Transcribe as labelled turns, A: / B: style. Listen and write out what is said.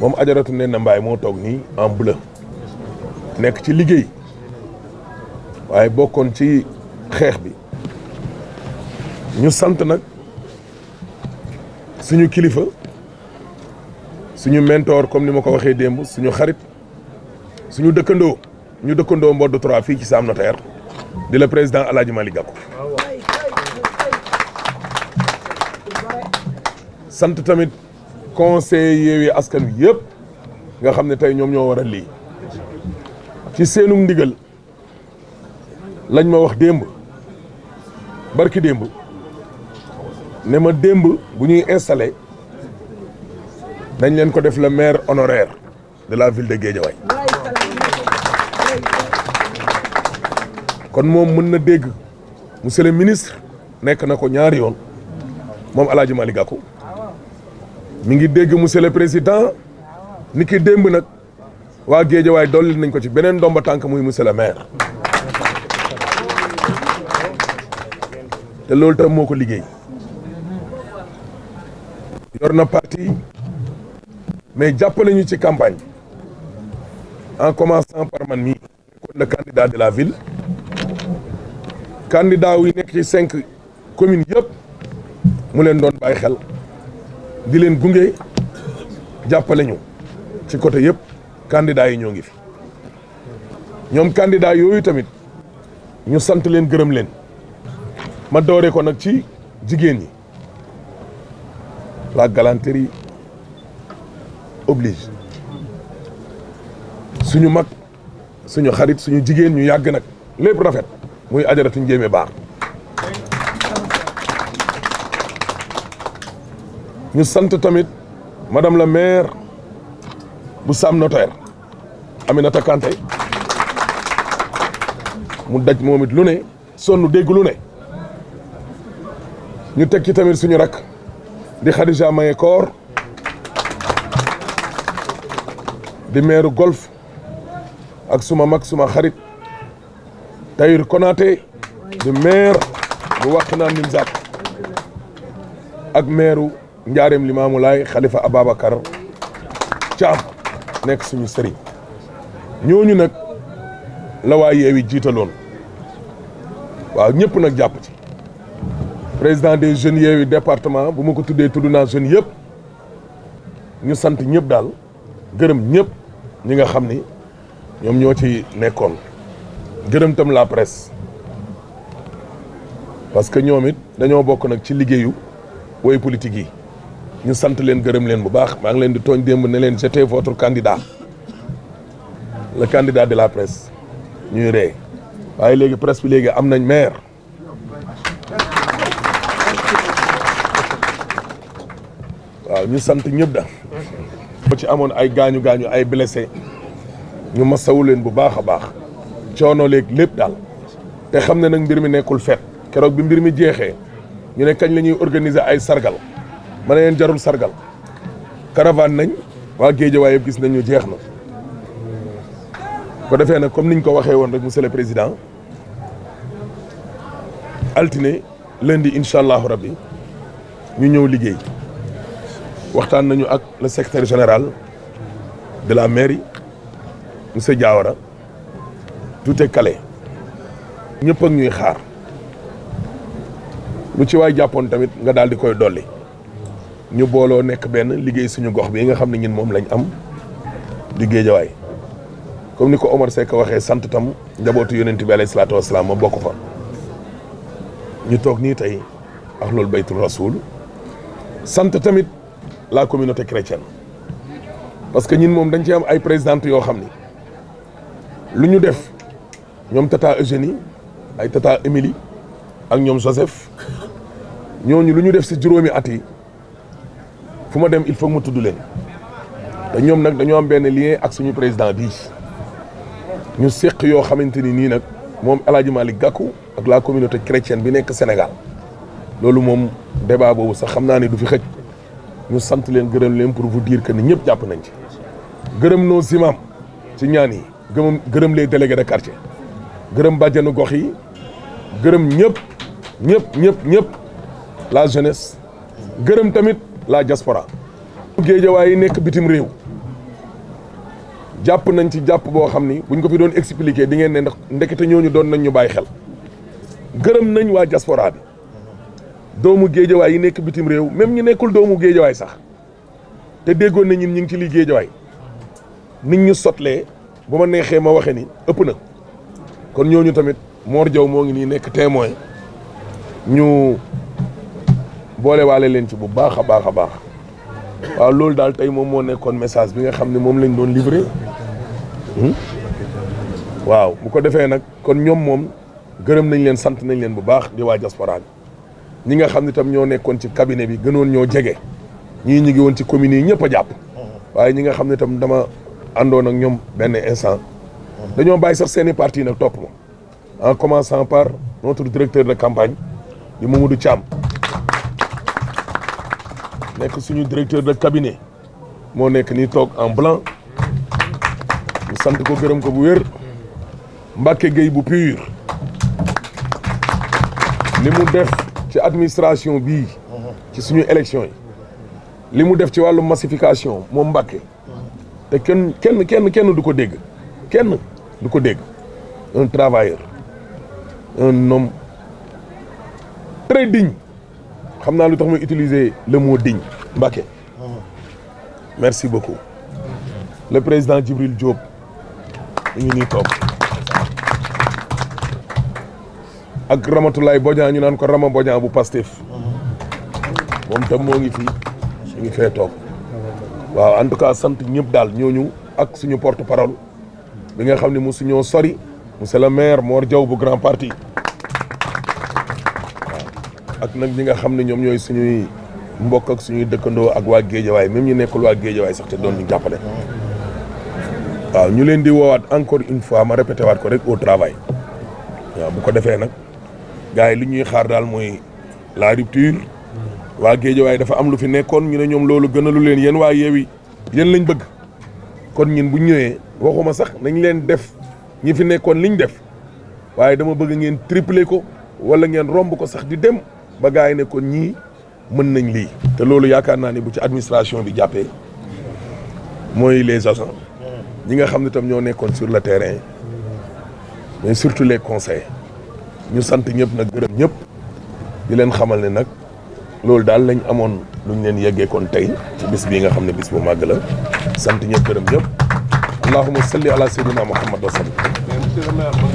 A: moom ajaratu ne na mbaay moo toog nii en bleu nekk ci liggéey waaye bokkoon ci xeex bi ñu sant nag suñu kilifa suñu mentor comme ni ma ko waxee démb suñu xarit suñu dëkkandoo ñu dëkkandoo mbodd 3 fii ci Sam Notaire di la président Alaaji Malick Gakou ah sant tamit conseil Yewwi Askan Wi yëpp nga xam ne tey ñoom ñoo war a lii ci seenum ndigal lañ ma wax démb barki démb ne ma démb bu ñuy installé dañ leen ko def le maire honoraire de la ville de Guédiawaye kon moom mën na dégg monsieur le ministre nekk na ko ñaari yoon moom El Hadj mi ngi dégg monsieur le président ni ki démb nag waa waaye dolli nañ ko ci beneen ndomba tànk muy monsieur le maire te loolu tam moo ko liggéey yor na parti mais jàppale ñu ci campagne en commençant par man mii nekkoon na candidat de la ville candidat yi nekk ci cinq communes yëpp mu leen doon bàyyi xel di leen gunge jàppale ci côté yëpp candidats yi ñoo ngi fi ñoom candidat yooyu tamit ñu sant leen gërëm leen ma doore ko nag ci jigéen ñi la galanterie oblige suñu mag suñu xarit suñu jigéen ñu yàgg nag lépp rafet muy ajaratuñ jéeme baax ñu sant tamit madame la maire bu Sam Notaire Aminata Kanté mu daj moom it lu ne sonn dégg lu ne ñu teg ci tamit suñu rakk di Khadija Maye Koor di maire golf ak suma mag suma xarit Tahirou Konaté di maire bu Wakhinane Nimzatt ak maire njaareem limaamu laay xalifa Ababacar Caam nekk suñu sëriñ ñooñu nag la waa yeewi jiitaloon waaw ñëpp nag jàpp ci président des jeunes yeewi département bu ma ko tuddee tudd na jeunes yëpp ñu sant ñëpp daal gërëm ñëpp ñi nga xam ni ñoom ñoo ci nekkoon gërëm tam la presse parce que ñoom it dañoo bokk nag ci liggéeyu woy politique yi ñu sant leen gërëm leen bu baax maa ngi leen di tooñ démb ne leen j'étais votre candidat le candidat de la presse ñuy ree waaye léegi presse bi léegi am nañ maire waaw ñu sant ñëpp da ci amoon ay gaañu gaañu ay blessé ñu masawu leen bu baax a baax coono léeg lépp daal te xam ne nag mbir mi nekkul fet keroog bi mbir mi jeexee ñu ne kañ la ñuy organiser ay sargal ma ne jarul sargal caravane nañ waa Géejawaay waaye gis nañ jeex na ko defee nag comme niñ ko waxee woon rek monsieur le président altine lundi incha allahu rabbi ñu ñëw liggéey waxtaan nañu ak le secrétaire général de la mairie monsieur Diawara tout est calé ñuy xaar lu ci waay jàppoon tamit nga daal di koy dolli. ñu booloo nekk benn liggéey suñu gox bi nga xam ne ñun moom lañ am di géejawaay comme ni ko Omar Seck waxee sant tam njabootu yonent bi alayhi salaatu wasalaam ma bokk fa ñu toog nii tey ak loolu baytul rasul sant tamit la communauté chrétienne parce que ñun moom dañ ci am ay présidente yoo xam ni lu ñu def ñoom tata Eugénie ay tata Émilie ak ñoom Joseph ñooñu lu ñu def si juróomi at yi fu ma dem il faut mu tudd leen ñoom nag dañoo am benn lien ak suñu président bii ñu séq yoo xamante ni nii nag moom El Hadj Malick Gakou ak la communauté chrétienne bi nekk Sénégal loolu moom débat boobu sax xam naa ne du fi xëj ñu sant leen gërëm leen pour vous diir que ni ñëpp jàpp nañ ci gërëm nos imam ci ñaan yi gërëm gërëm les délégués de quartier gërëm bàjjenu gox yi gërëm ñëpp ñëpp ñëpp ñëpp la jeunesse gërëm tamit la diaspora géejawaay yi nekk bitim réew jàpp nañ ci jàpp boo xam ni buñ ko fi doon expliquer di ngeen ne ndax ndekete ñooñu doon nañ ñu bàyyi xel gërëm nañ waa jasporaabi bi doomu géejawaay yi nekk bitim réew même ñu nekkul doomu géejawaay sax te déggoon na ñun ñu ngi ci lii géejawaay niñ ñu sotlee bu ma neexee ma waxee ni ëpp na kon ñooñu tamit Mor Diaw moo ngi nii nekk témoin ñu boole waale leen ci bu baax a baax a baax waaw loolu daal tey moom moo nekkoon message bi nga xam ne moom lañ doon livré hmm? waaw bu ko defee nag kon ñoom moom gërëm nañ leen sant nañ leen bu baax di waa diaspora bi ñi nga xam ne tam ñoo nekkoon ci cabinet bi gënoon ñoo jege ñu ngi woon ci communes yi ñëpp jàpp waaye ñi nga xam ne tam dama àndoon ak ñoom benn instant dañoo bàyyi sax seeni parti nag topp ma en commençant par notre directeur de campagne di Mamadou Thiam nekk suñu directeur de cabinet moo nekk nii toog en blanc ñu sant ko gërëm ko bu wér Mbacke Gueye bu pur li mu def ci administration bii ci suñu élection yi li mu def ci wàllu massification moom Mbacke te kenn kenn kenn kenn du ko dégg kenn du ko dégg un travailleur un homme très digne xam naa lu tax muy utiliser le mot digne Mbacké ah. merci beaucoup le président Djibril Diop ñu ngi nii toog ak Ramatoulaye Bodian ñu naan ko Rama Bodian bu Pastef ah. moom tam moo ngi fii ñu ngi fee toog waaw en tout cas sant ñëpp daal ñooñu ak suñu porte parole bi nga xam ne mu suñoo sori monsieur le maire Mor Diaw bu grand parti ak nag ñi nga xam ne ñoom ñooy suñuy mbokk ak suñuy dëkkandoo ak waa géejawaay même ñu nekkul waa géejawaay sax te doon ñu jàppale ñu leen di woowaat encore une fois ma répété waat ko rek au travail waaw bu ko defee nag gaa yi lu ñuy xaar daal mooy la rupture waa géejawaay dafa am lu fi nekkoon ñu ne ñoom loolu gënalu leen yéen waa yeewi yéen lañ bëgg kon ñun bu ñëwee waxuma sax nañ leen def ñi fi nekkoon liñ def waaye dama bëgg ngeen tripler ko wala ngeen romb ko sax di dem ba gars yi ne kon ñii mën nañ lii te loolu yaakaar naa ni bu ci administration bi jàppee mooy les agents ñi nga xam ne tam ñoo nekkoon sur le terrain mais surtout les conseils ñu sant ñëpp nag gërëm ñëpp di leen xamal ne nag loolu daal lañ amoon luñ leen yeggee koon tey ci bis bii nga xam ne bis bu màgg la sant ñëpp gërëm ñëpp allahuma salli ala sayyidina muhammad wa